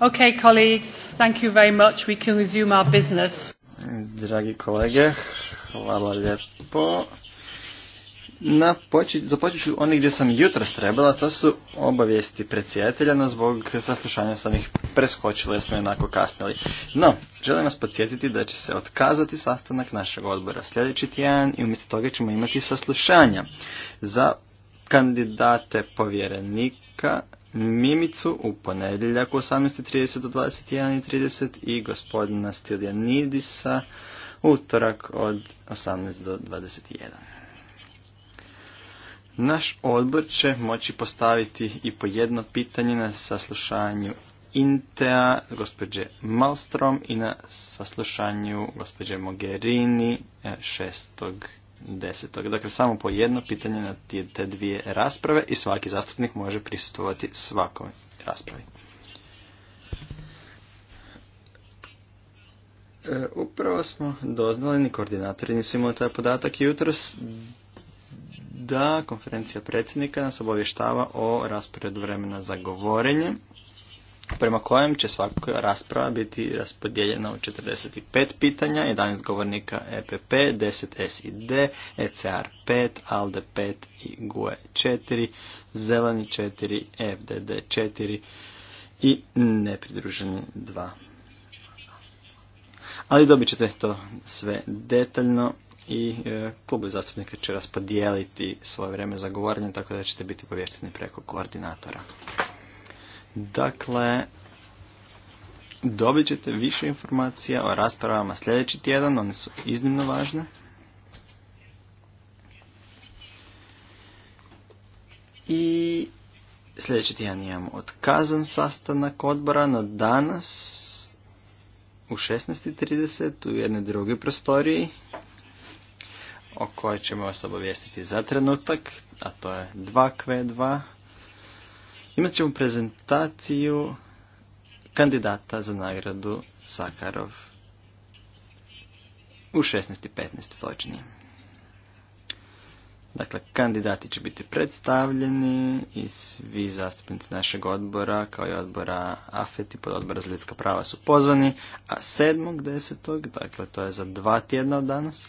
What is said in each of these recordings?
Okay, colleagues, thank Dragi kolege, hvala lijepo. Na počet, započet ću onih gdje sam jutro strebala, to su obavijesti predsjedatelja, no zbog saslušanja sam ih preskočila jer smo jednako kasnili. No, želim vas podsjetiti da će se otkazati sastanak našeg odbora sljedeći tjedan i umjesto toga ćemo imati saslušanja za kandidate povjerenika Mimicu u ponedjeljak u 18.30 do 21.30 i gospodina u utorak od 18 do 21. Naš odbor će moći postaviti i po jedno pitanje na saslušanju Intea gospođe Malstrom i na saslušanju gospođe Mogherini 6. E, desetog. Dakle, samo po jedno pitanje na te dvije rasprave i svaki zastupnik može prisutovati svakoj raspravi. E, upravo smo doznali, ni koordinatori nisu imali taj podatak jutros, da konferencija predsjednika nas obavještava o rasporedu vremena za govorenje prema kojem će svaka rasprava biti raspodijeljena u 45 pitanja, 11 govornika EPP, 10 SID, ECR 5, ALDE 5 i GUE 4, e Zeleni 4, FDD 4 i nepridruženi 2. Ali dobit ćete to sve detaljno i e, klubu zastupnika će raspodijeliti svoje vrijeme za govorenje, tako da ćete biti povješteni preko koordinatora. Dakle, dobit ćete više informacija o raspravama sljedeći tjedan, one su iznimno važne. I sljedeći tjedan imamo otkazan sastanak odbora, no danas u 16.30 u jednoj drugoj prostoriji o kojoj ćemo vas obavijestiti za trenutak, a to je 2Q2 Imat ćemo prezentaciju kandidata za nagradu Sakarov u 16.15 točnije. Dakle, kandidati će biti predstavljeni i svi zastupnici našeg odbora, kao i odbora AFET i pod odbora za ljudska prava su pozvani, a 7.10. dakle to je za dva tjedna od danas,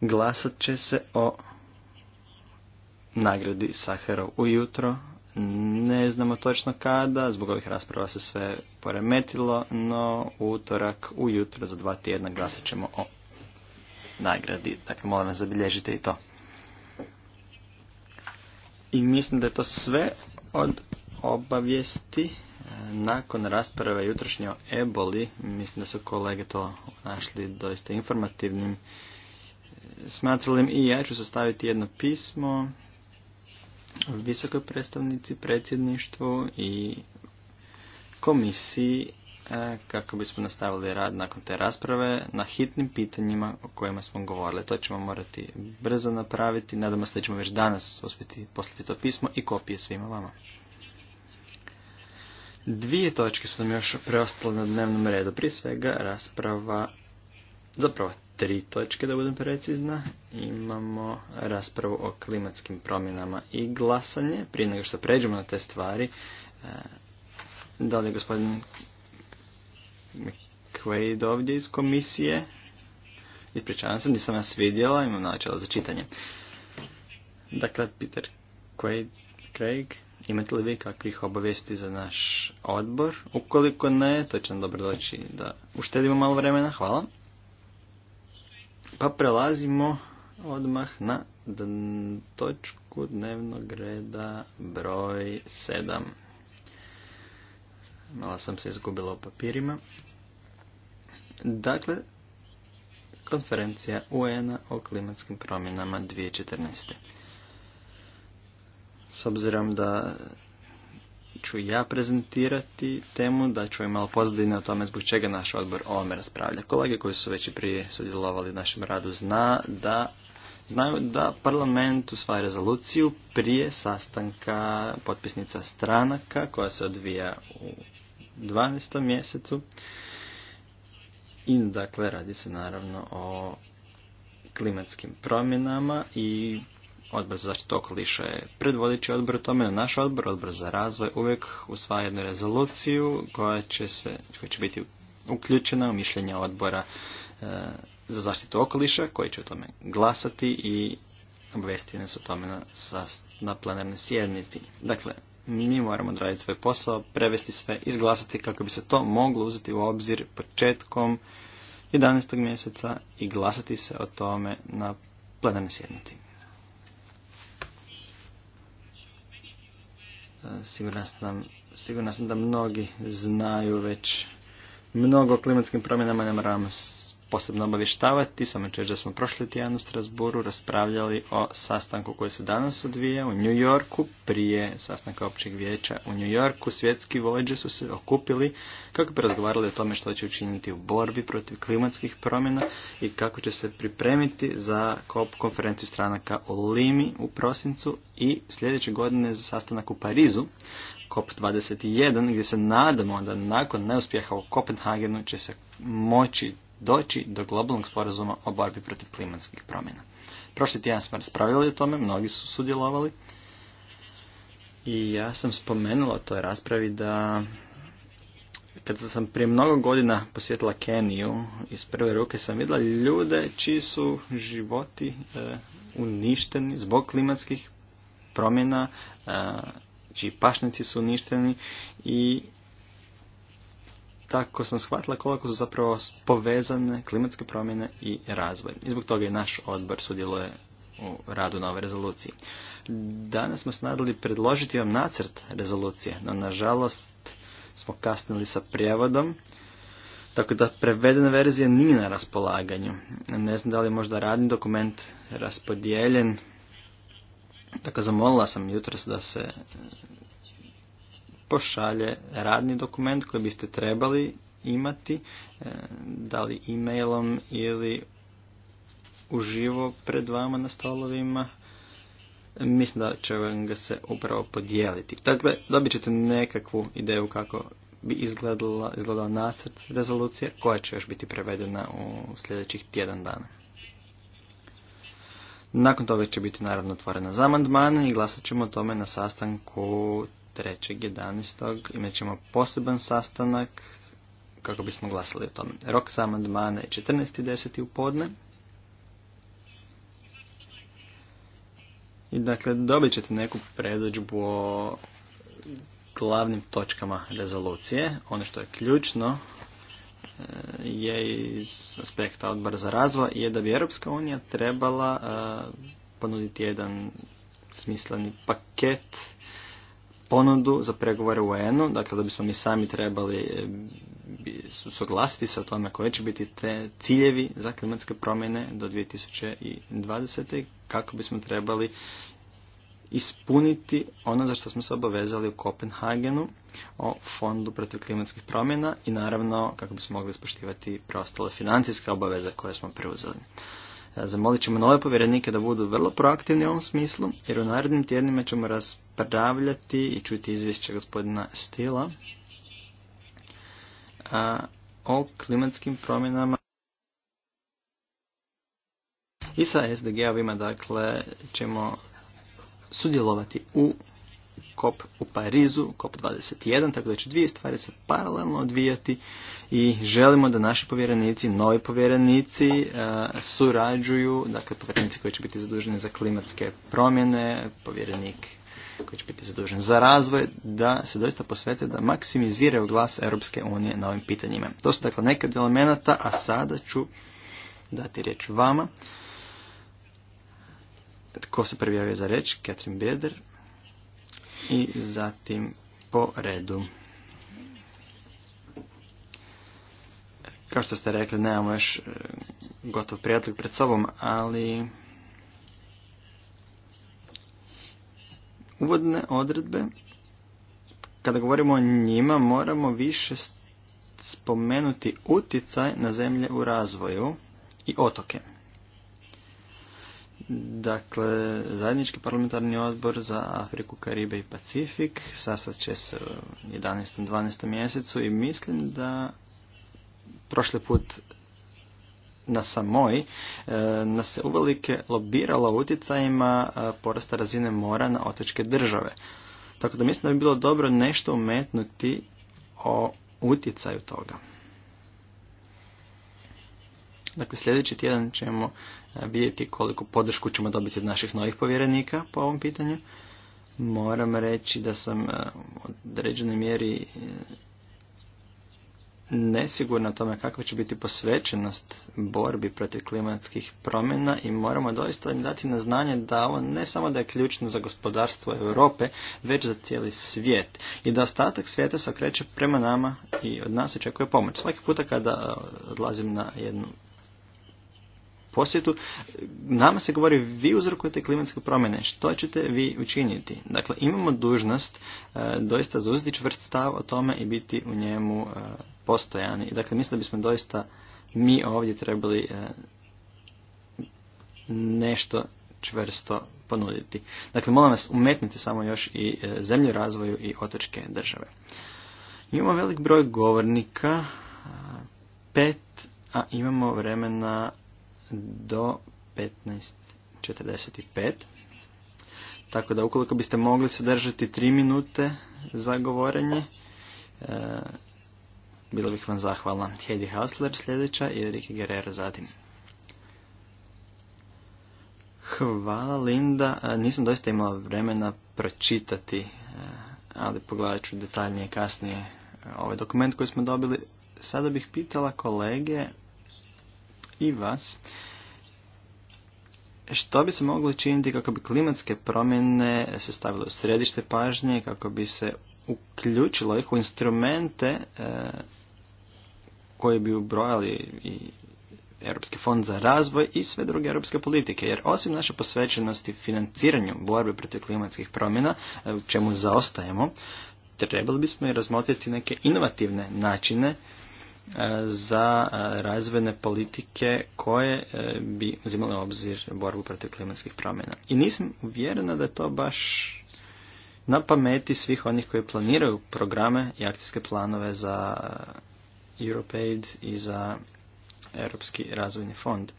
glasat će se o nagradi Saharov ujutro ne znamo točno kada, zbog ovih rasprava se sve poremetilo, no utorak ujutro za dva tjedna glasit ćemo o nagradi. Dakle, molim vas zabilježite i to. I mislim da je to sve od obavijesti. E, nakon rasprave jutrošnje o eboli, mislim da su kolege to našli doista informativnim e, smatralim i ja ću sastaviti jedno pismo visokoj predstavnici predsjedništvu i komisiji e, kako bismo nastavili rad nakon te rasprave na hitnim pitanjima o kojima smo govorili. To ćemo morati brzo napraviti. Nadamo se da ćemo već danas uspjeti poslati to pismo i kopije svima vama. Dvije točke su nam još preostale na dnevnom redu. Prije svega rasprava, zapravo tri točke, da budem precizna. Imamo raspravu o klimatskim promjenama i glasanje. Prije nego što pređemo na te stvari, e, da li je gospodin McQuaid ovdje iz komisije? Ispričavam se, nisam vas vidjela, imam načela za čitanje. Dakle, Peter Quaid, Craig, imate li vi kakvih obavijesti za naš odbor? Ukoliko ne, to će nam dobro doći da uštedimo malo vremena. Hvala. Pa prelazimo odmah na točku dnevnog reda broj 7. Malo sam se izgubila u papirima. Dakle, konferencija un o klimatskim promjenama 2014. S obzirom da ću ja prezentirati temu, da ću malo pozadine o tome zbog čega naš odbor o ovome raspravlja. Kolege koji su već i prije sudjelovali u našem radu zna da znaju da parlament usvaja rezoluciju prije sastanka potpisnica stranaka koja se odvija u 12. mjesecu. I dakle radi se naravno o klimatskim promjenama i odbor za zaštitu okoliša je predvodeći odbor tome, naš odbor, odbor za razvoj, uvijek usvaja jednu rezoluciju koja će, se, koja će biti uključena u mišljenje odbora e, za zaštitu okoliša koji će o tome glasati i obvesti nas o tome na, na plenarnoj sjednici. Dakle, mi moramo odraditi svoj posao, prevesti sve, izglasati kako bi se to moglo uzeti u obzir početkom 11. mjeseca i glasati se o tome na plenarnoj sjednici. Sigurno sam, da mnogi znaju već mnogo o klimatskim promjenama, ne moramo posebno obavještavati, samo ću da smo prošli tjedan u Strasburu raspravljali o sastanku koji se danas odvija u New Yorku, prije sastanka općeg vijeća u New Yorku, svjetski vođe su se okupili kako bi razgovarali o tome što će učiniti u borbi protiv klimatskih promjena i kako će se pripremiti za KOP konferenciju stranaka o Limi u prosincu i sljedeće godine za sastanak u Parizu, COP21, gdje se nadamo da nakon neuspjeha u Kopenhagenu će se moći doći do globalnog sporazuma o borbi protiv klimatskih promjena. Prošli tjedan smo raspravljali o tome, mnogi su sudjelovali i ja sam spomenula o toj raspravi da kad sam prije mnogo godina posjetila Keniju, iz prve ruke sam vidjela ljude čiji su životi e, uništeni zbog klimatskih promjena, e, čiji pašnici su uništeni i tako sam shvatila koliko su zapravo povezane klimatske promjene i razvoj. I zbog toga i naš odbor sudjeluje u radu na ovoj rezoluciji. Danas smo snadili predložiti vam nacrt rezolucije, no nažalost smo kasnili sa prijevodom, tako da prevedena verzija nije na raspolaganju. Ne znam da li je možda radni dokument raspodijeljen. Dakle, zamolila sam jutros da se pošalje radni dokument koji biste trebali imati, e, da li e-mailom ili uživo pred vama na stolovima. Mislim da će vam ga se upravo podijeliti. Dakle, dobit ćete nekakvu ideju kako bi izgledala, izgledala nacrt rezolucije koja će još biti prevedena u sljedećih tjedan dana. Nakon toga će biti naravno otvorena za amandmane i glasat ćemo o tome na sastanku 3.11. imat ćemo poseban sastanak kako bismo glasali o tome. Rok za amandmane je 14.10. u podne. I dakle, dobit ćete neku predođbu o glavnim točkama rezolucije. Ono što je ključno e, je iz aspekta odbora za razvoj je da bi Europska unija trebala e, ponuditi jedan smisleni paket ponudu za pregovore u UN-u, dakle da bismo mi sami trebali eh, suglasiti sa o tome koje će biti te ciljevi za klimatske promjene do 2020. kako bismo trebali ispuniti ono za što smo se obavezali u Kopenhagenu o fondu protiv klimatskih promjena i naravno kako bismo mogli ispoštivati preostale financijske obaveze koje smo preuzeli. Zamolit ćemo nove povjerenike da budu vrlo proaktivni u ovom smislu, jer u narednim tjednima ćemo raspravljati i čuti izvješće gospodina Stila a, o klimatskim promjenama i sa SDG-ovima dakle ćemo sudjelovati u COP u Parizu, COP 21, tako da će dvije stvari se paralelno odvijati i želimo da naši povjerenici, novi povjerenici e, surađuju, dakle povjerenici koji će biti zaduženi za klimatske promjene, povjerenik koji će biti zadužen za razvoj, da se doista posvete da maksimiziraju glas Europske unije na ovim pitanjima. To su dakle neke od elemenata, a sada ću dati riječ vama. Tko se prvi javio za reč? Katrin Beder i zatim po redu. Kao što ste rekli, nemamo još e, gotov prijatelj pred sobom, ali uvodne odredbe, kada govorimo o njima, moramo više spomenuti uticaj na zemlje u razvoju i otoke. Dakle, zajednički parlamentarni odbor za Afriku, Karibe i Pacifik sastat će se u 11. 12. mjesecu i mislim da prošli put na samoj e, nas se uvelike lobiralo utjecajima e, porasta razine mora na otočke države. Tako da mislim da bi bilo dobro nešto umetnuti o utjecaju toga. Dakle, sljedeći tjedan ćemo e, vidjeti koliko podršku ćemo dobiti od naših novih povjerenika po ovom pitanju. Moram reći da sam e, u određenoj mjeri e, nesigurna o tome kakva će biti posvećenost borbi protiv klimatskih promjena i moramo doista im dati na znanje da ovo ne samo da je ključno za gospodarstvo Europe, već za cijeli svijet. I da ostatak svijeta se okreće prema nama i od nas očekuje pomoć. Svaki puta kada odlazim na jednu posjetu, nama se govori vi uzrokujete klimatske promjene, što ćete vi učiniti? Dakle, imamo dužnost e, doista zauzeti čvrt stav o tome i biti u njemu e, postojani. Dakle, mislim da bismo doista mi ovdje trebali e, nešto čvrsto ponuditi. Dakle, molim vas, umetnite samo još i zemlju razvoju i otočke države. Imamo velik broj govornika, pet, a imamo vremena do 15.45. Tako da ukoliko biste mogli sadržati 3 minute za govorenje, e, bilo bih vam zahvala. Heidi Hausler sljedeća i Enrique Guerrero zatim. Hvala Linda, e, nisam doista imala vremena pročitati, e, ali pogledat ću detaljnije kasnije ovaj dokument koji smo dobili. Sada bih pitala kolege i vas što bi se moglo učiniti kako bi klimatske promjene se stavile u središte pažnje, kako bi se uključilo ih u instrumente e, koje bi ubrojali i Europski fond za razvoj i sve druge europske politike. Jer osim naše posvećenosti financiranju borbe protiv klimatskih promjena, e, u čemu zaostajemo, trebali bismo i razmotriti neke inovativne načine za e, razvojne politike koje e, bi uzimale obzir borbu protiv klimatskih promjena. I nisam uvjerena da je to baš na pameti svih onih koji planiraju programe i akcijske planove za e, EuropeAid i za Europski razvojni fond.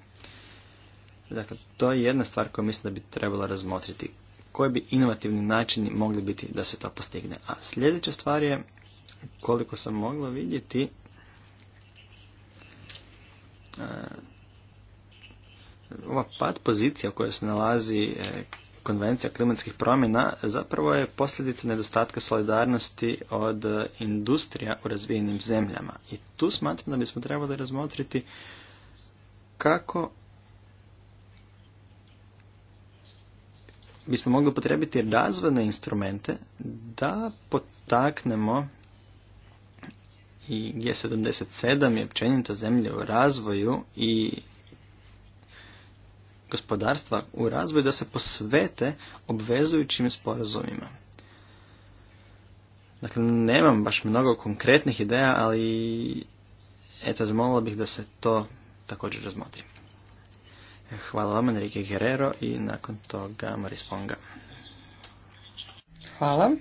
Dakle, to je jedna stvar koju mislim da bi trebalo razmotriti. Koji bi inovativni načini mogli biti da se to postigne? A sljedeća stvar je, koliko sam mogla vidjeti, E, ova pad pozicija u kojoj se nalazi e, konvencija klimatskih promjena zapravo je posljedica nedostatka solidarnosti od industrija u razvijenim zemljama. I tu smatram da bismo trebali razmotriti kako bismo mogli potrebiti razvojne instrumente da potaknemo i G77 i općenito zemlje u razvoju i gospodarstva u razvoju da se posvete obvezujućim sporazumima. Dakle, nemam baš mnogo konkretnih ideja, ali eto, zamolila bih da se to također razmotri. Hvala vam, Enrique Guerrero i nakon toga Maris Ponga. Hvala.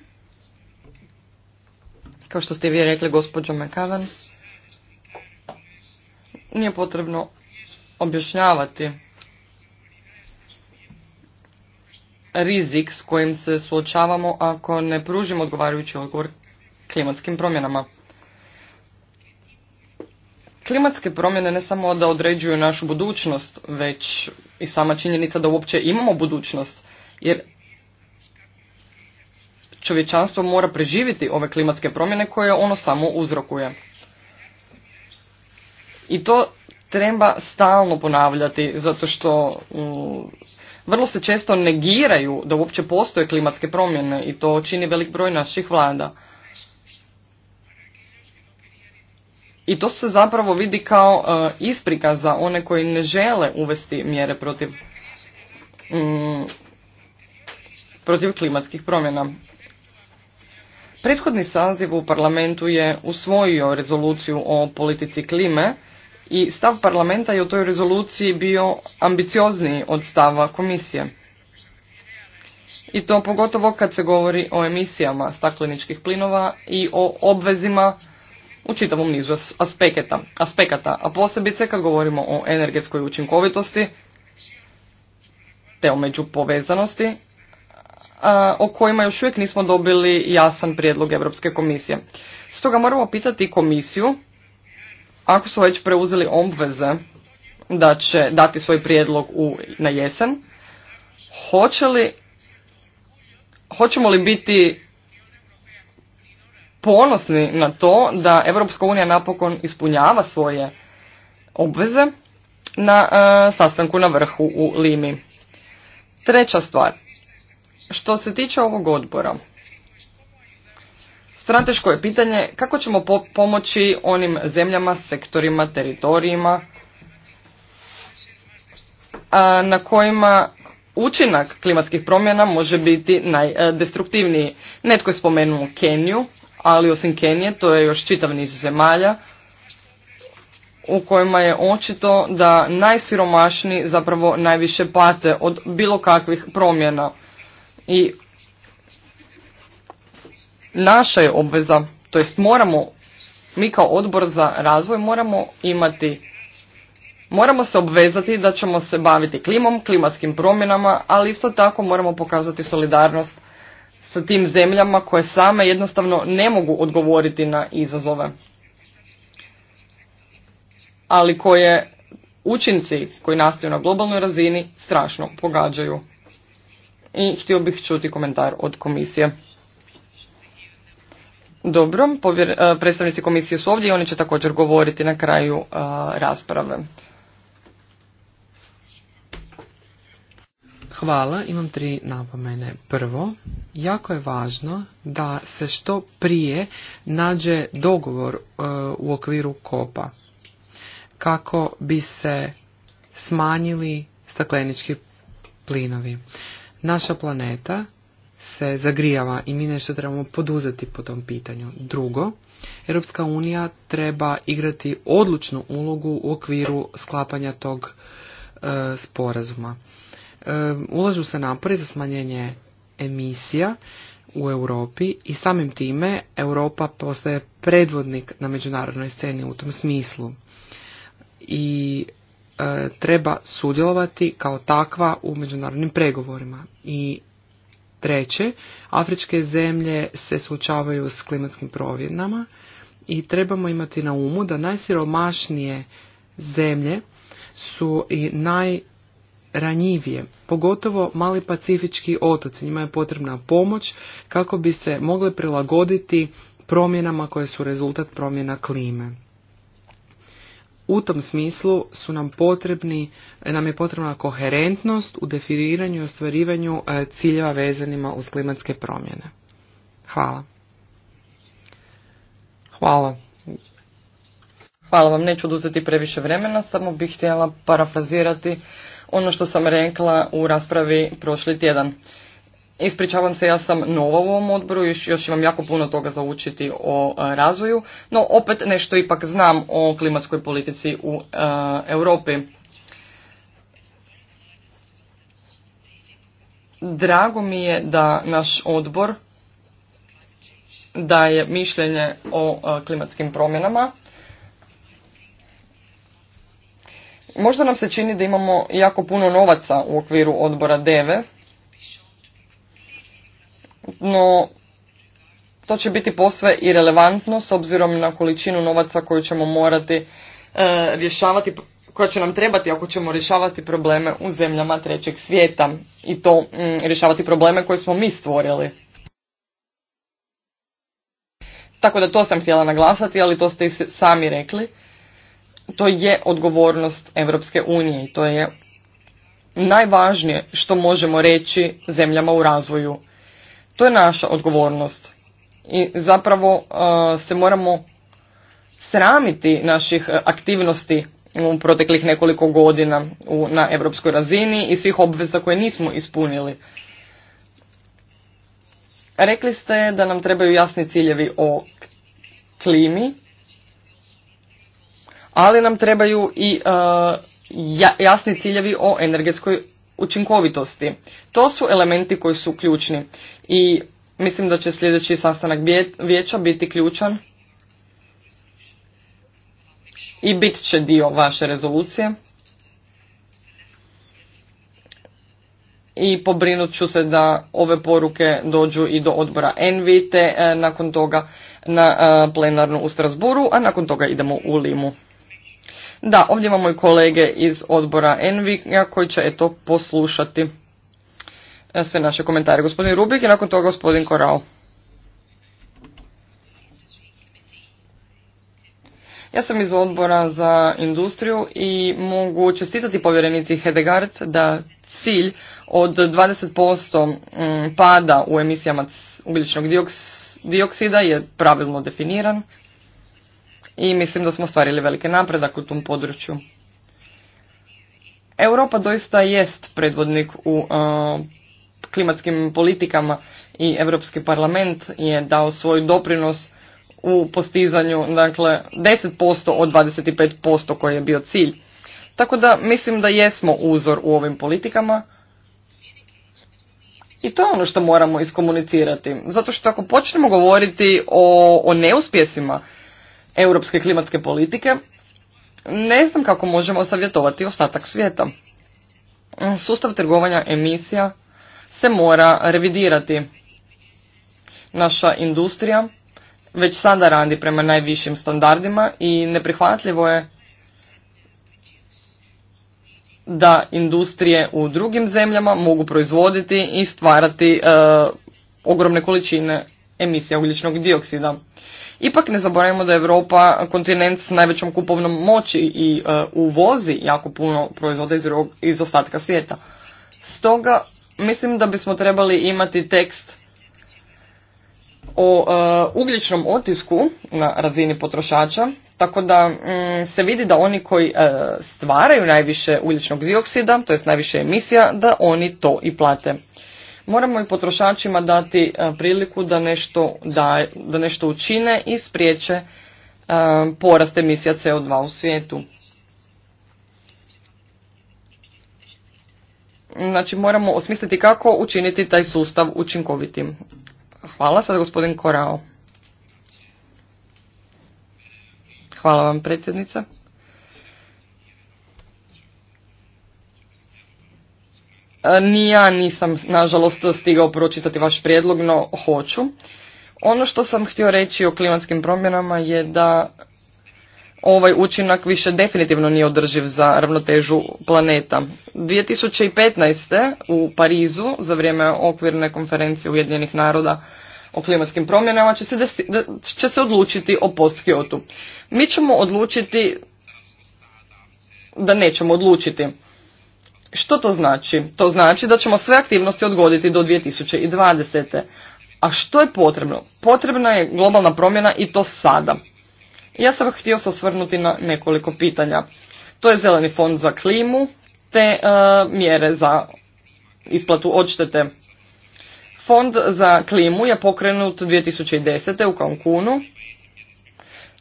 Kao što ste vi rekli, gospođo McAvan, nije potrebno objašnjavati rizik s kojim se suočavamo ako ne pružimo odgovarajući odgovor klimatskim promjenama. Klimatske promjene ne samo da određuju našu budućnost, već i sama činjenica da uopće imamo budućnost, jer čovječanstvo mora preživjeti ove klimatske promjene koje ono samo uzrokuje. I to treba stalno ponavljati zato što mm, vrlo se često negiraju da uopće postoje klimatske promjene i to čini velik broj naših vlada. I to se zapravo vidi kao e, isprika za one koji ne žele uvesti mjere protiv mm, protiv klimatskih promjena. Prethodni saziv u parlamentu je usvojio rezoluciju o politici klime i stav parlamenta je u toj rezoluciji bio ambiciozniji od stava komisije. I to pogotovo kad se govori o emisijama stakleničkih plinova i o obvezima u čitavom nizu aspekata, aspekata a posebice kad govorimo o energetskoj učinkovitosti te o međupovezanosti o kojima još uvijek nismo dobili jasan prijedlog Europske komisije. Stoga moramo pitati komisiju, ako su već preuzeli obveze da će dati svoj prijedlog u, na jesen, li, hoćemo li biti ponosni na to da Europska unija napokon ispunjava svoje obveze na sastanku na vrhu u Limi. Treća stvar, što se tiče ovog odbora, strateško je pitanje kako ćemo pomoći onim zemljama, sektorima, teritorijima a, na kojima učinak klimatskih promjena može biti najdestruktivniji. Netko je spomenuo Keniju, ali osim Kenije to je još čitav niz zemalja u kojima je očito da najsiromašniji zapravo najviše pate od bilo kakvih promjena i naša je obveza, to jest moramo, mi kao odbor za razvoj moramo imati Moramo se obvezati da ćemo se baviti klimom, klimatskim promjenama, ali isto tako moramo pokazati solidarnost sa tim zemljama koje same jednostavno ne mogu odgovoriti na izazove. Ali koje učinci koji nastaju na globalnoj razini strašno pogađaju i htio bih čuti komentar od komisije. Dobro, e, predstavnici komisije su ovdje i oni će također govoriti na kraju e, rasprave. Hvala, imam tri napomene. Prvo, jako je važno da se što prije nađe dogovor e, u okviru kopa kako bi se smanjili staklenički plinovi. Naša planeta se zagrijava i mi nešto trebamo poduzeti po tom pitanju. Drugo, Europska unija treba igrati odlučnu ulogu u okviru sklapanja tog e, sporazuma. E, ulažu se napori za smanjenje emisija u Europi i samim time Europa postaje predvodnik na međunarodnoj sceni u tom smislu. I E, treba sudjelovati kao takva u međunarodnim pregovorima. I treće, afričke zemlje se suočavaju s klimatskim provjednama i trebamo imati na umu da najsiromašnije zemlje su i najranjivije, pogotovo mali pacifički otoci. Njima je potrebna pomoć kako bi se mogle prilagoditi promjenama koje su rezultat promjena klime u tom smislu su nam potrebni, nam je potrebna koherentnost u definiranju i ostvarivanju e, ciljeva vezanima uz klimatske promjene. Hvala. Hvala. Hvala vam, neću oduzeti previše vremena, samo bih htjela parafrazirati ono što sam rekla u raspravi prošli tjedan. Ispričavam se, ja sam nova u ovom odboru, još, još imam jako puno toga za učiti o e, razvoju, no opet nešto ipak znam o klimatskoj politici u e, Europi. Drago mi je da naš odbor daje mišljenje o e, klimatskim promjenama. Možda nam se čini da imamo jako puno novaca u okviru odbora DEVE, no to će biti posve relevantno s obzirom na količinu novaca koju ćemo morati e, rješavati, koja će nam trebati ako ćemo rješavati probleme u zemljama trećeg svijeta i to mm, rješavati probleme koje smo mi stvorili. Tako da to sam htjela naglasati, ali to ste i sami rekli. To je odgovornost Europske unije i to je najvažnije što možemo reći zemljama u razvoju. To je naša odgovornost. I zapravo uh, se moramo sramiti naših uh, aktivnosti u proteklih nekoliko godina na europskoj razini i svih obveza koje nismo ispunili. Rekli ste da nam trebaju jasni ciljevi o klimi, ali nam trebaju i uh, jasni ciljevi o energetskoj učinkovitosti. To su elementi koji su ključni i mislim da će sljedeći sastanak vijeća biti ključan i bit će dio vaše rezolucije. i pobrinut ću se da ove poruke dođu i do odbora NVT eh, nakon toga na eh, plenarnu u Strasburu, a nakon toga idemo u Limu. Da, ovdje imamo i kolege iz odbora Envi koji će eto poslušati e, sve naše komentare. Gospodin Rubik i nakon toga gospodin Koral. Ja sam iz odbora za industriju i mogu čestitati povjerenici Hedegard da cilj od 20% mm, pada u emisijama ugljičnog dioksida je pravilno definiran i mislim da smo stvarili velike napredak u tom području. Europa doista jest predvodnik u e, klimatskim politikama i Europski parlament je dao svoj doprinos u postizanju dakle 10% od 25% koji je bio cilj. Tako da mislim da jesmo uzor u ovim politikama. I to je ono što moramo iskomunicirati. Zato što ako počnemo govoriti o, o neuspjesima, europske klimatske politike, ne znam kako možemo savjetovati ostatak svijeta. Sustav trgovanja emisija se mora revidirati. Naša industrija već sada radi prema najvišim standardima i neprihvatljivo je da industrije u drugim zemljama mogu proizvoditi i stvarati e, ogromne količine emisija ugljičnog dioksida. Ipak ne zaboravimo da je Europa kontinent s najvećom kupovnom moći i e, uvozi jako puno proizvoda iz, iz ostatka svijeta. Stoga mislim da bismo trebali imati tekst o e, ugljičnom otisku na razini potrošača, tako da mm, se vidi da oni koji e, stvaraju najviše ugljičnog dioksida, to jest najviše emisija, da oni to i plate. Moramo i potrošačima dati e, priliku da nešto, da nešto učine i spriječe e, porast emisija CO2 u svijetu. Znači moramo osmisliti kako učiniti taj sustav učinkovitim. Hvala sad gospodin Korao. Hvala vam predsjednica. E, ni ja nisam, nažalost, stigao pročitati vaš prijedlog, no hoću. Ono što sam htio reći o klimatskim promjenama je da ovaj učinak više definitivno nije održiv za ravnotežu planeta. 2015. u Parizu za vrijeme okvirne konferencije Ujedinjenih naroda o klimatskim promjenama će se, desi, će se odlučiti o post Mi ćemo odlučiti da nećemo odlučiti. Što to znači? To znači da ćemo sve aktivnosti odgoditi do 2020. A što je potrebno? Potrebna je globalna promjena i to sada. Ja sam htio se osvrnuti na nekoliko pitanja. To je zeleni fond za klimu te e, mjere za isplatu odštete. Fond za klimu je pokrenut 2010. u Cancunu.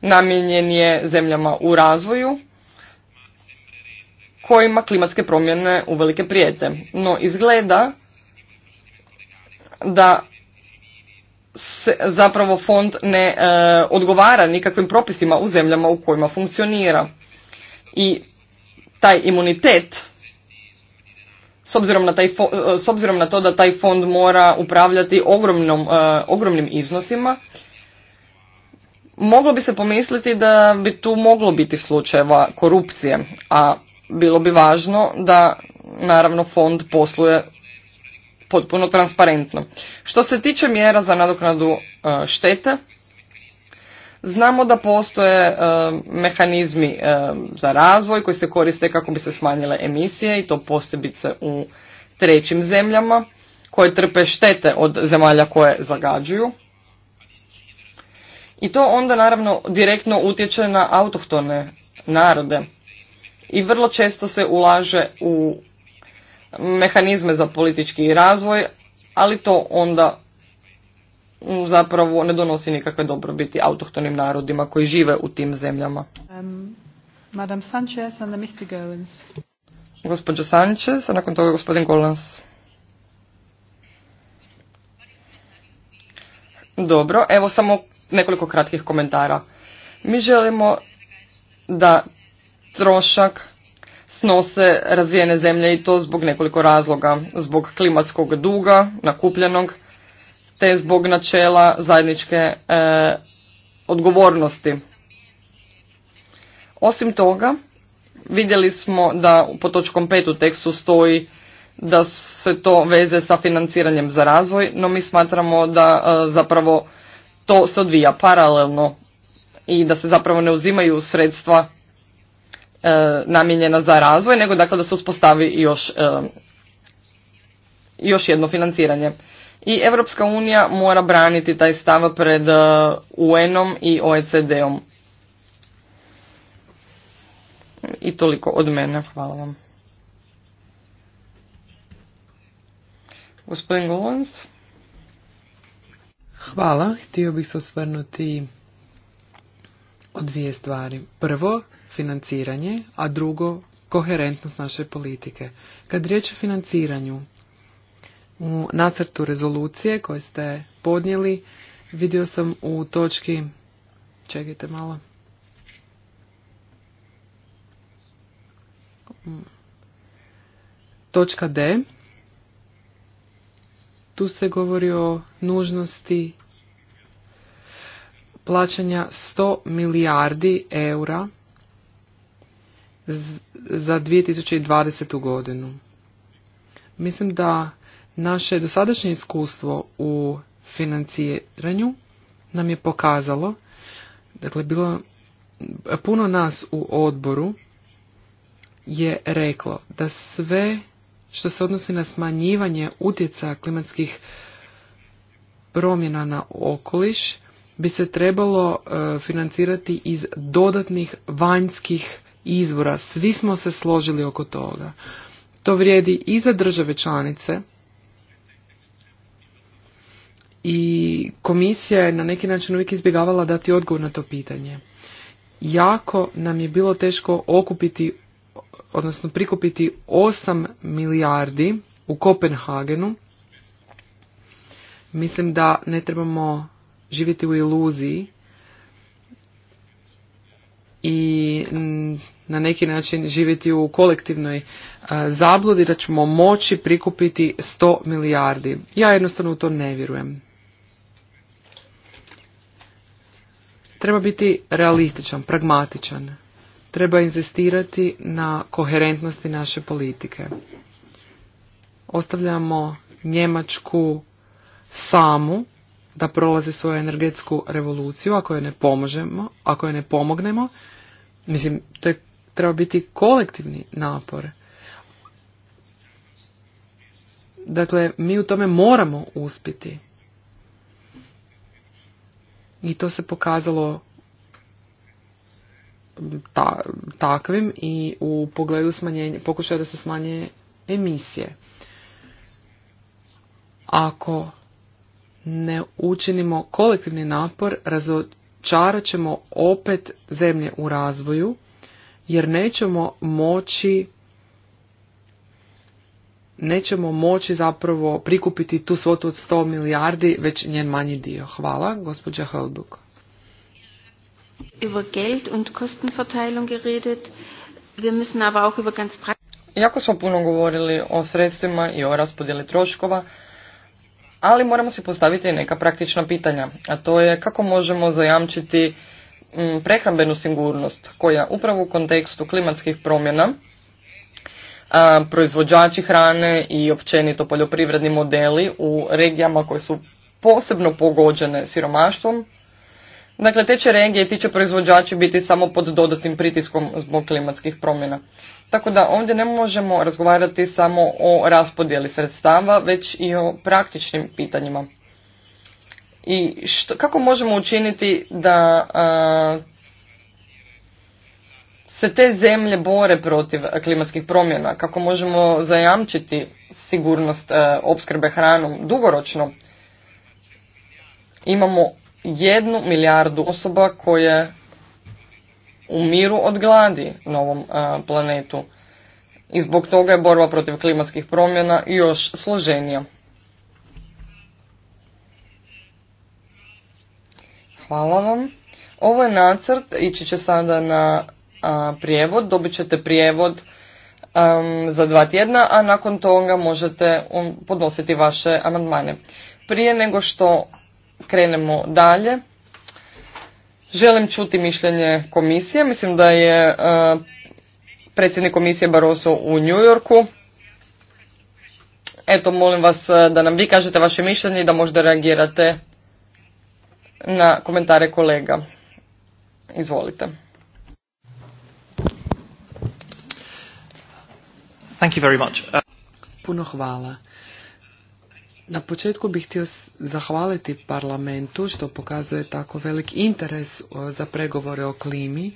Namijenjen je zemljama u razvoju kojima klimatske promjene uvelike prijete. No izgleda da se zapravo fond ne e, odgovara nikakvim propisima u zemljama u kojima funkcionira. I taj imunitet, s obzirom na, taj e, s obzirom na to da taj fond mora upravljati ogromnom, e, ogromnim iznosima, moglo bi se pomisliti da bi tu moglo biti slučajeva korupcije, a bilo bi važno da naravno fond posluje potpuno transparentno. Što se tiče mjera za nadoknadu e, štete, znamo da postoje e, mehanizmi e, za razvoj koji se koriste kako bi se smanjile emisije i to posebice u trećim zemljama koje trpe štete od zemalja koje zagađuju. I to onda naravno direktno utječe na autohtone narode i vrlo često se ulaže u mehanizme za politički razvoj, ali to onda zapravo ne donosi nikakve dobrobiti autohtonim narodima koji žive u tim zemljama. Um, Sanchez and Mr. Gospođo Sanchez, a nakon toga gospodin Golans. Dobro, evo samo nekoliko kratkih komentara. Mi želimo da trošak snose razvijene zemlje i to zbog nekoliko razloga. Zbog klimatskog duga nakupljenog te zbog načela zajedničke e, odgovornosti. Osim toga, vidjeli smo da po točkom 5 u tekstu stoji da se to veze sa financiranjem za razvoj, no mi smatramo da e, zapravo to se odvija paralelno i da se zapravo ne uzimaju sredstva E, namijenjena za razvoj, nego dakle da se uspostavi još, e, još jedno financiranje. I Europska unija mora braniti taj stav pred e, UN-om i OECD-om. I toliko od mene. Hvala vam. Gospodin Golans. Hvala. Htio bih se osvrnuti o dvije stvari. Prvo, financiranje, a drugo koherentnost naše politike. Kad riječ o financiranju, u nacrtu rezolucije koje ste podnijeli vidio sam u točki, čekajte malo, točka D, tu se govori o nužnosti plaćanja 100 milijardi eura za 2020. godinu. Mislim da naše dosadašnje iskustvo u financiranju nam je pokazalo, dakle bilo puno nas u odboru je reklo da sve što se odnosi na smanjivanje utjecaja klimatskih promjena na okoliš bi se trebalo e, financirati iz dodatnih vanjskih izvora. Svi smo se složili oko toga. To vrijedi i za države članice i komisija je na neki način uvijek izbjegavala dati odgovor na to pitanje. Jako nam je bilo teško okupiti, odnosno prikupiti 8 milijardi u Kopenhagenu. Mislim da ne trebamo živjeti u iluziji i na neki način živjeti u kolektivnoj e, zabludi da ćemo moći prikupiti 100 milijardi. Ja jednostavno u to ne vjerujem. Treba biti realističan, pragmatičan. Treba inzistirati na koherentnosti naše politike. Ostavljamo Njemačku samu da prolazi svoju energetsku revoluciju ako joj ne pomožemo, ako joj ne pomognemo. Mislim, to je trebao biti kolektivni napor. Dakle, mi u tome moramo uspjeti. I to se pokazalo takvim i u pogledu smanjenja, pokušaja da se smanje emisije. Ako ne učinimo kolektivni napor, razočarat ćemo opet zemlje u razvoju jer nećemo moći nećemo moći zapravo prikupiti tu svotu od 100 milijardi, već njen manji dio. Hvala, gospođa Hölbuk. Über Geld und Kostenverteilung geredet. Wir müssen Jako smo puno govorili o sredstvima i o raspodjeli troškova, ali moramo se postaviti neka praktična pitanja, a to je kako možemo zajamčiti Mm, prehrambenu sigurnost koja upravo u kontekstu klimatskih promjena a, proizvođači hrane i općenito poljoprivredni modeli u regijama koje su posebno pogođene siromaštvom. Dakle, te će regije i ti će proizvođači biti samo pod dodatnim pritiskom zbog klimatskih promjena. Tako da ovdje ne možemo razgovarati samo o raspodjeli sredstava, već i o praktičnim pitanjima i što, kako možemo učiniti da se te zemlje bore protiv klimatskih promjena, kako možemo zajamčiti sigurnost opskrbe hranom dugoročno. Imamo jednu milijardu osoba koje umiru od gladi na ovom planetu i zbog toga je borba protiv klimatskih promjena još složenija. Hvala vam. Ovo je nacrt, ići će sada na prijevod, dobit ćete prijevod za dva tjedna, a nakon toga možete um, podnositi vaše amandmane. Prije nego što krenemo dalje, želim čuti mišljenje komisije. Mislim da je predsjednik komisije Barroso u New Yorku. Eto, molim vas da nam vi kažete vaše mišljenje i da možda reagirate na komentare kolega. Izvolite. Thank you very much. Uh, Puno hvala. Na početku bih htio zahvaliti parlamentu što pokazuje tako velik interes uh, za pregovore o klimi,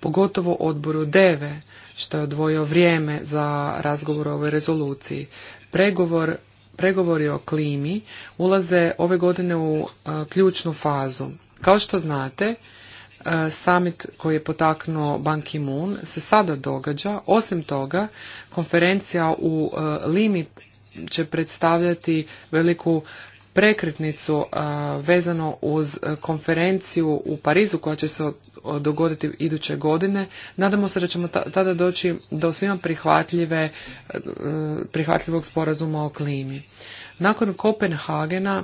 pogotovo odboru DEVE što je odvojio vrijeme za razgovor o ovoj rezoluciji. Pregovor pregovori o klimi ulaze ove godine u e, ključnu fazu. Kao što znate, e, summit koji je potaknuo Ban Ki-moon se sada događa. Osim toga, konferencija u e, Limi će predstavljati veliku prekretnicu vezano uz e, konferenciju u Parizu koja će se dogoditi iduće godine. Nadamo se da ćemo tada doći do svima prihvatljive, e, prihvatljivog sporazuma o klimi. Nakon Kopenhagena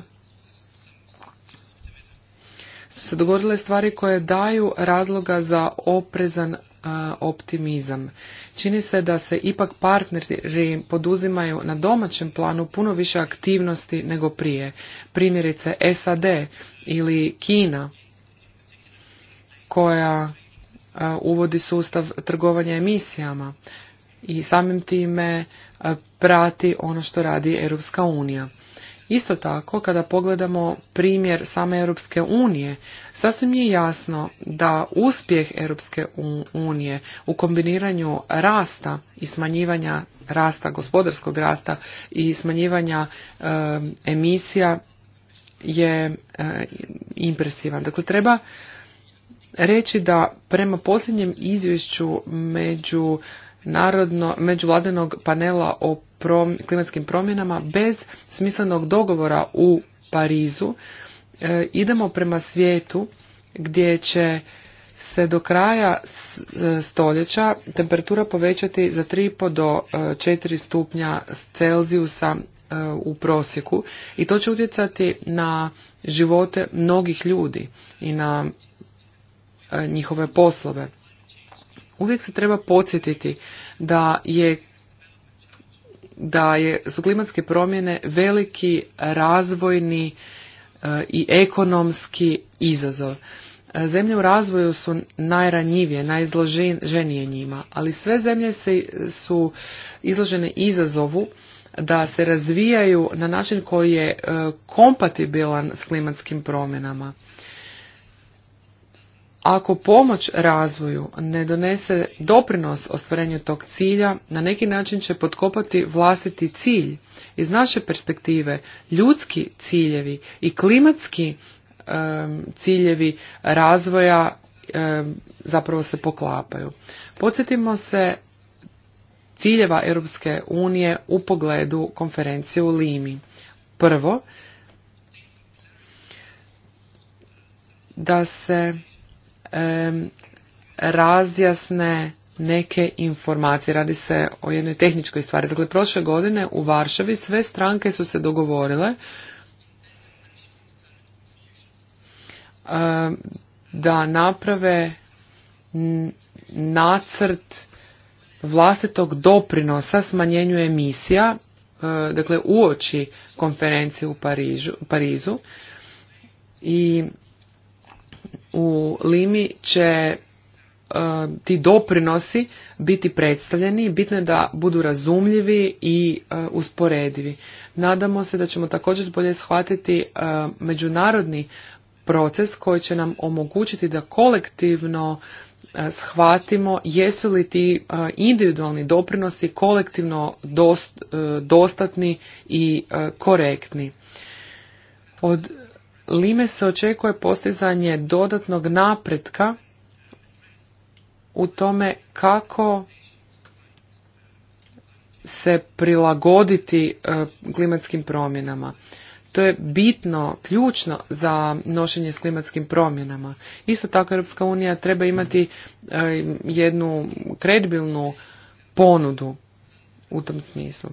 su se dogodile stvari koje daju razloga za oprezan optimizam. Čini se da se ipak partneri poduzimaju na domaćem planu puno više aktivnosti nego prije. Primjerice SAD ili Kina koja uvodi sustav trgovanja emisijama i samim time prati ono što radi Europska unija. Isto tako, kada pogledamo primjer same Europske unije, sasvim je jasno da uspjeh Europske unije u kombiniranju rasta i smanjivanja rasta, gospodarskog rasta i smanjivanja emisija je impresivan. Dakle, treba reći da prema posljednjem izvješću među narodno međuvladinog panela o klimatskim promjenama bez smislenog dogovora u Parizu e, idemo prema svijetu gdje će se do kraja e, stoljeća temperatura povećati za 3,5 do 4 e, stupnja Celzijusa u prosjeku i to će utjecati na živote mnogih ljudi i na njihove poslove. Uvijek se treba podsjetiti da je da je, su klimatske promjene veliki razvojni e, i ekonomski izazov. E, zemlje u razvoju su najranjivije, najizloženije njima, ali sve zemlje se, su izložene izazovu da se razvijaju na način koji je e, kompatibilan s klimatskim promjenama. Ako pomoć razvoju ne donese doprinos ostvarenju tog cilja, na neki način će potkopati vlastiti cilj. Iz naše perspektive, ljudski ciljevi i klimatski ciljevi razvoja zapravo se poklapaju. Podsjetimo se ciljeva Europske unije u pogledu konferencije u Limi. Prvo, da se razjasne neke informacije. Radi se o jednoj tehničkoj stvari. Dakle, prošle godine u Varšavi sve stranke su se dogovorile da naprave nacrt vlastitog doprinosa smanjenju emisija, e, dakle uoči konferencije u Parižu, Parizu i u Limi će e, ti doprinosi biti predstavljeni bitno je da budu razumljivi i e, usporedivi. Nadamo se da ćemo također bolje shvatiti e, međunarodni proces koji će nam omogućiti da kolektivno shvatimo jesu li ti individualni doprinosi kolektivno dostatni i korektni. Od Lime se očekuje postizanje dodatnog napretka u tome kako se prilagoditi e, klimatskim promjenama. To je bitno, ključno za nošenje s klimatskim promjenama. Isto tako Europska unija treba imati e, jednu kredibilnu ponudu u tom smislu.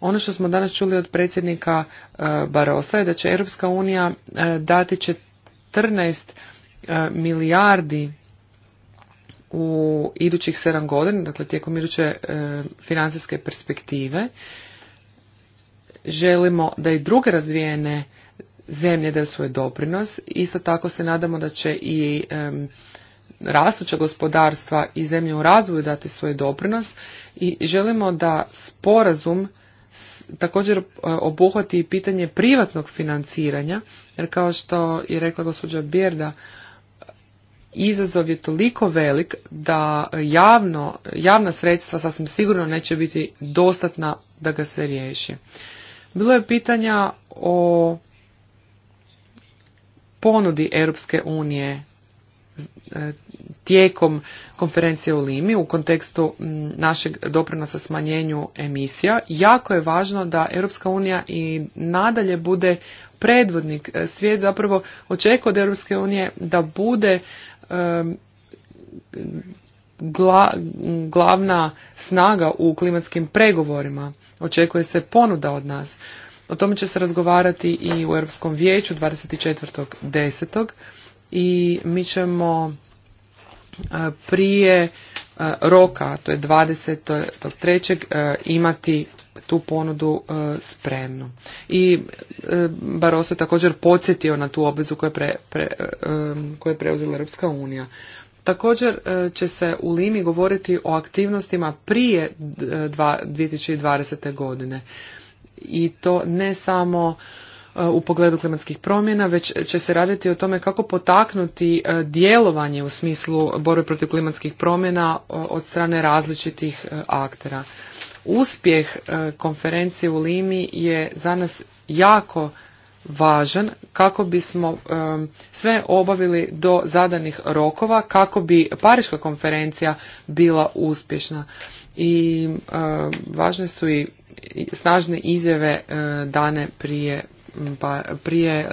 Ono što smo danas čuli od predsjednika e, Barosa je da će Europska unija e, dati 14 e, milijardi u idućih 7 godina, dakle tijekom iduće financijske perspektive. Želimo da i druge razvijene zemlje daju svoj doprinos. Isto tako se nadamo da će i rastuća gospodarstva i zemlje u razvoju dati svoj doprinos i želimo da sporazum također e, obuhvati i pitanje privatnog financiranja, jer kao što je rekla gospođa Bjerda, izazov je toliko velik da javno, javna sredstva sasvim sigurno neće biti dostatna da ga se riješi. Bilo je pitanja o ponudi Europske unije E, tijekom konferencije u Limi u kontekstu našeg doprinosa smanjenju emisija, jako je važno da Europska unija i nadalje bude predvodnik. E, svijet zapravo očekuje od Europske unije da bude e, glavna snaga u klimatskim pregovorima. Očekuje se ponuda od nas. O tome će se razgovarati i u Europskom vijeću 24.10 i mi ćemo e, prije e, roka, to je 23. E, imati tu ponudu spremnu. I Baroso je također podsjetio na tu obvezu koju je, je preuzela Europska unija. Također će se u Limi govoriti o aktivnostima prije 2020. godine. I to ne samo E, u pogledu klimatskih promjena, već će se raditi o tome kako potaknuti e, djelovanje u smislu borbe protiv klimatskih promjena e, od strane različitih aktera. Uspjeh konferencije u Limi je za nas jako važan kako bismo sve obavili do zadanih rokova kako bi Pariška konferencija bila uspješna. I važne su i snažne izjave dane prije pa prije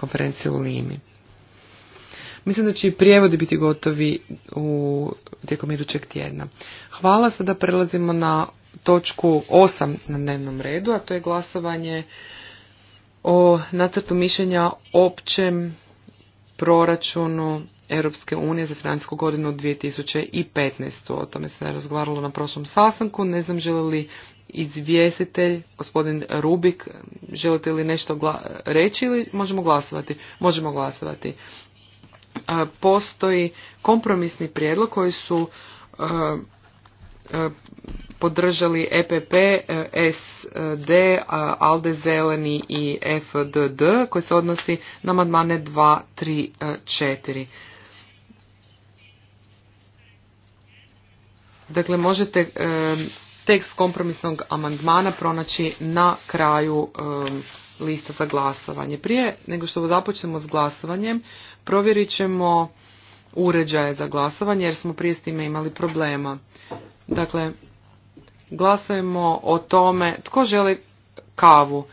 konferencije u Limi. Mislim da će i prijevodi biti gotovi u tijekom idućeg tjedna. Hvala sada prelazimo na točku 8 na dnevnom redu, a to je glasovanje o nacrtu mišljenja općem proračunu Europske unije za financijsku godinu 2015. O tome se razgovaralo na prošlom sastanku. Ne znam želi li izvjestitelj, gospodin Rubik, želite li nešto reći ili možemo glasovati? Možemo glasovati. E, postoji kompromisni prijedlog koji su e, e, podržali EPP, SD, ALDE, Zeleni i FDD koji se odnosi na amandmane 2, 3, 4. Dakle, možete tekst kompromisnog amandmana pronaći na kraju lista za glasovanje. Prije nego što započnemo s glasovanjem, provjerit ćemo uređaje za glasovanje jer smo prije s time imali problema. Dakle, glasujemo o tome tko želi kavu,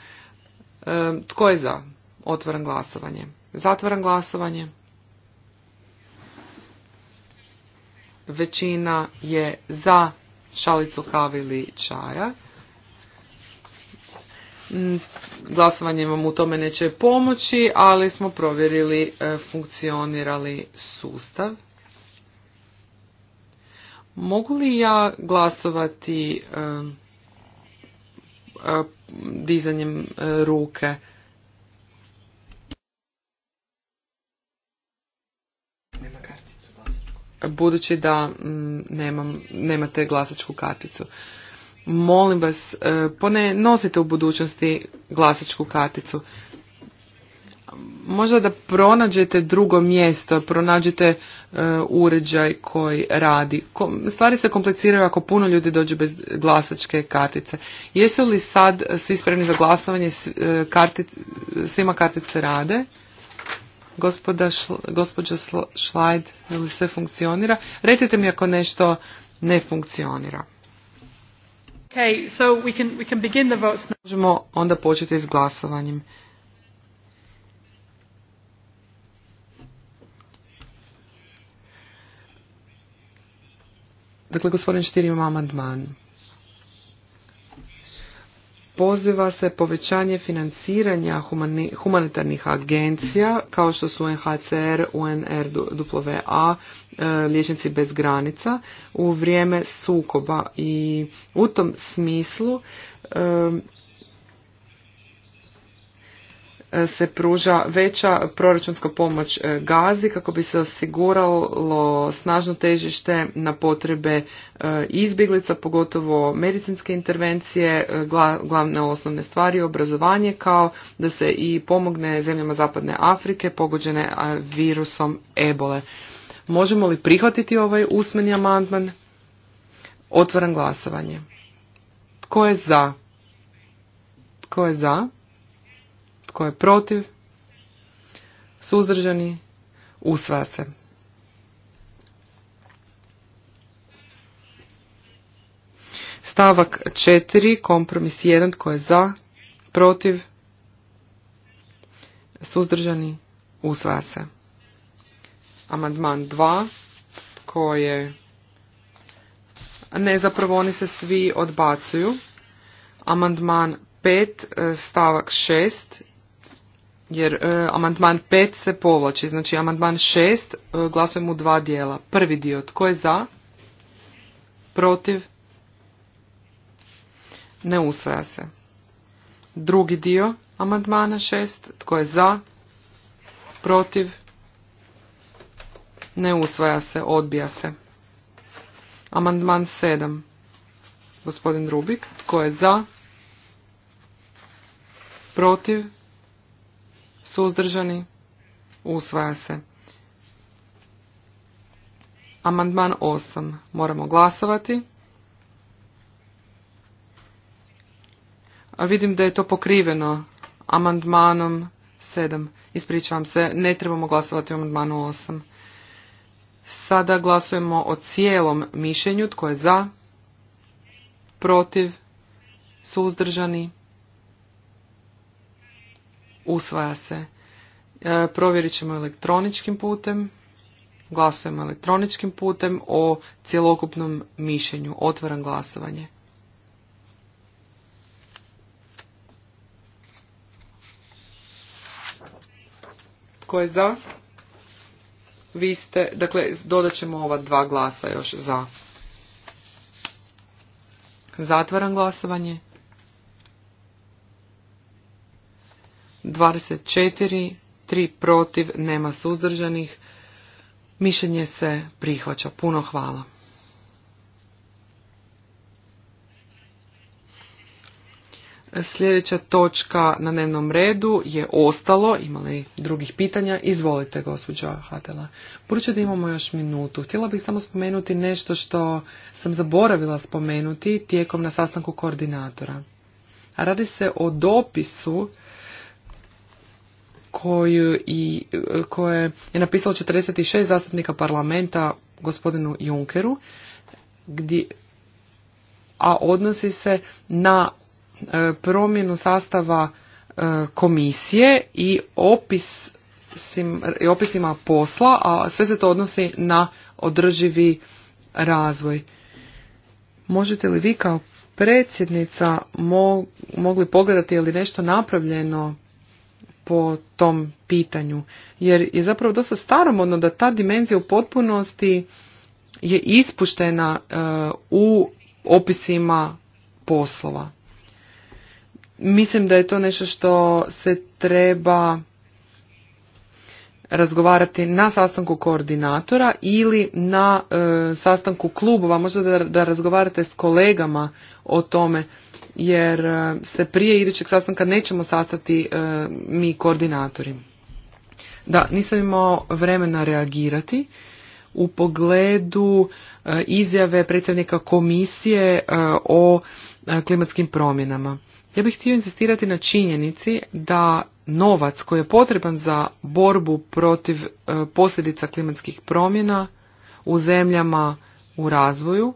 e, tko je za otvoren glasovanje, zatvoren glasovanje. većina je za šalicu kave ili čaja. Mm, glasovanje vam u tome neće pomoći, ali smo provjerili e, funkcionirali sustav. Mogu li ja glasovati e, e, dizanjem ruke? budući da mm, nemam, nemate glasačku karticu. Molim vas, e, pone nosite u budućnosti glasačku karticu. Možda da pronađete drugo mjesto, pronađete e, uređaj koji radi. Stvari se kompliciraju ako puno ljudi dođe bez glasačke kartice. Jesu li sad svi spremni za glasovanje, e, svima kartice rade? Gospoda šl, je li sve funkcionira? Recite mi ako nešto ne funkcionira. Okay, so we can, we can begin the votes Možemo onda početi s glasovanjem. Dakle, gospodin Štir ima amandman poziva se povećanje financiranja humanitarnih agencija kao što su UNHCR, UNRWA, e, Liječnici bez granica u vrijeme sukoba i u tom smislu e, se pruža veća proračunska pomoć e, gazi kako bi se osiguralo snažno težište na potrebe e, izbjeglica, pogotovo medicinske intervencije, e, glavne osnovne stvari, obrazovanje, kao da se i pomogne zemljama Zapadne Afrike pogođene virusom ebole. Možemo li prihvatiti ovaj usmeni amandman? Otvaram glasovanje. Tko je za? Tko je za? Tko je protiv? Suzdržani? usva se. Stavak 4, kompromis 1, tko je za, protiv, suzdržani, usvaja se. Amandman 2, tko je... Ne, zapravo oni se svi odbacuju. Amandman 5, stavak 6 jer e, amandman 5 se povlači. Znači amandman 6 e, glasujemo u dva dijela. Prvi dio tko je za, protiv, ne usvaja se. Drugi dio amandmana 6 tko je za, protiv, ne usvaja se, odbija se. Amandman 7 gospodin Rubik tko je za, protiv, suzdržani, usvaja se. Amandman 8. Moramo glasovati. A vidim da je to pokriveno amandmanom 7. Ispričavam se, ne trebamo glasovati o amandmanu 8. Sada glasujemo o cijelom mišljenju. Tko je za? Protiv? Suzdržani? usvaja se. E, provjerit ćemo elektroničkim putem. Glasujemo elektroničkim putem o cjelokupnom mišljenju. Otvaram glasovanje. Tko je za? Vi ste, dakle, dodat ćemo ova dva glasa još za. Zatvaram glasovanje. 24, 3 protiv, nema suzdržanih. Mišljenje se prihvaća. Puno hvala. Sljedeća točka na dnevnom redu je ostalo, imali drugih pitanja. Izvolite, gospođo Hatela. Budući da imamo još minutu, htjela bih samo spomenuti nešto što sam zaboravila spomenuti tijekom na sastanku koordinatora. Radi se o dopisu koju koje je napisalo 46 zastupnika parlamenta gospodinu Junkeru, gdje, a odnosi se na e, promjenu sastava e, komisije i opis i opisima posla, a sve se to odnosi na održivi razvoj. Možete li vi kao predsjednica mogli pogledati je li nešto napravljeno po tom pitanju. Jer je zapravo dosta staromodno da ta dimenzija u potpunosti je ispuštena e, u opisima poslova. Mislim da je to nešto što se treba razgovarati na sastanku koordinatora ili na e, sastanku klubova, možda da razgovarate s kolegama o tome jer e, se prije idućeg sastanka nećemo sastati e, mi koordinatori. Da, nisam imao vremena reagirati u pogledu e, izjave predsjednika komisije o klimatskim promjenama. Ja bih htio insistirati na činjenici da novac koji je potreban za borbu protiv posljedica klimatskih promjena u zemljama u razvoju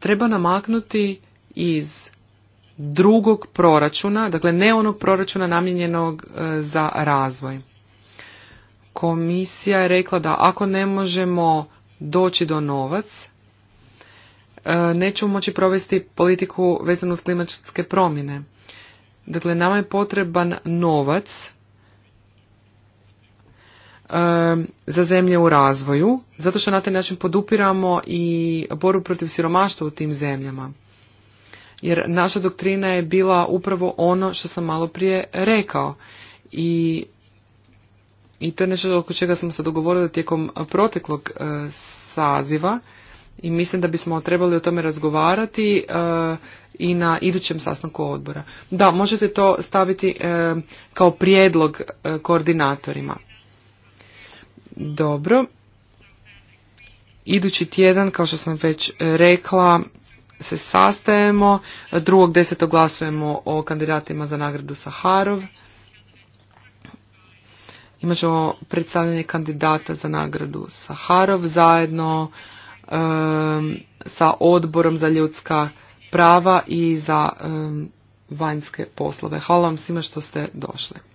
treba namaknuti iz drugog proračuna, dakle ne onog proračuna namijenjenog e, za razvoj. Komisija je rekla da ako ne možemo doći do novac, e, nećemo moći provesti politiku vezanu s klimatske promjene. Dakle, nama je potreban novac e, za zemlje u razvoju, zato što na taj način podupiramo i boru protiv siromaštva u tim zemljama. Jer naša doktrina je bila upravo ono što sam malo prije rekao. I, i to je nešto oko čega smo se dogovorili tijekom proteklog e, saziva i mislim da bismo trebali o tome razgovarati e, i na idućem sastanku odbora. Da, možete to staviti e, kao prijedlog koordinatorima. Dobro. Idući tjedan, kao što sam već rekla, se sastajemo, drugog desetog glasujemo o kandidatima za nagradu Saharov. Imat predstavljanje kandidata za nagradu Saharov zajedno sa odborom za ljudska prava i za vanjske poslove. Hvala vam svima što ste došli.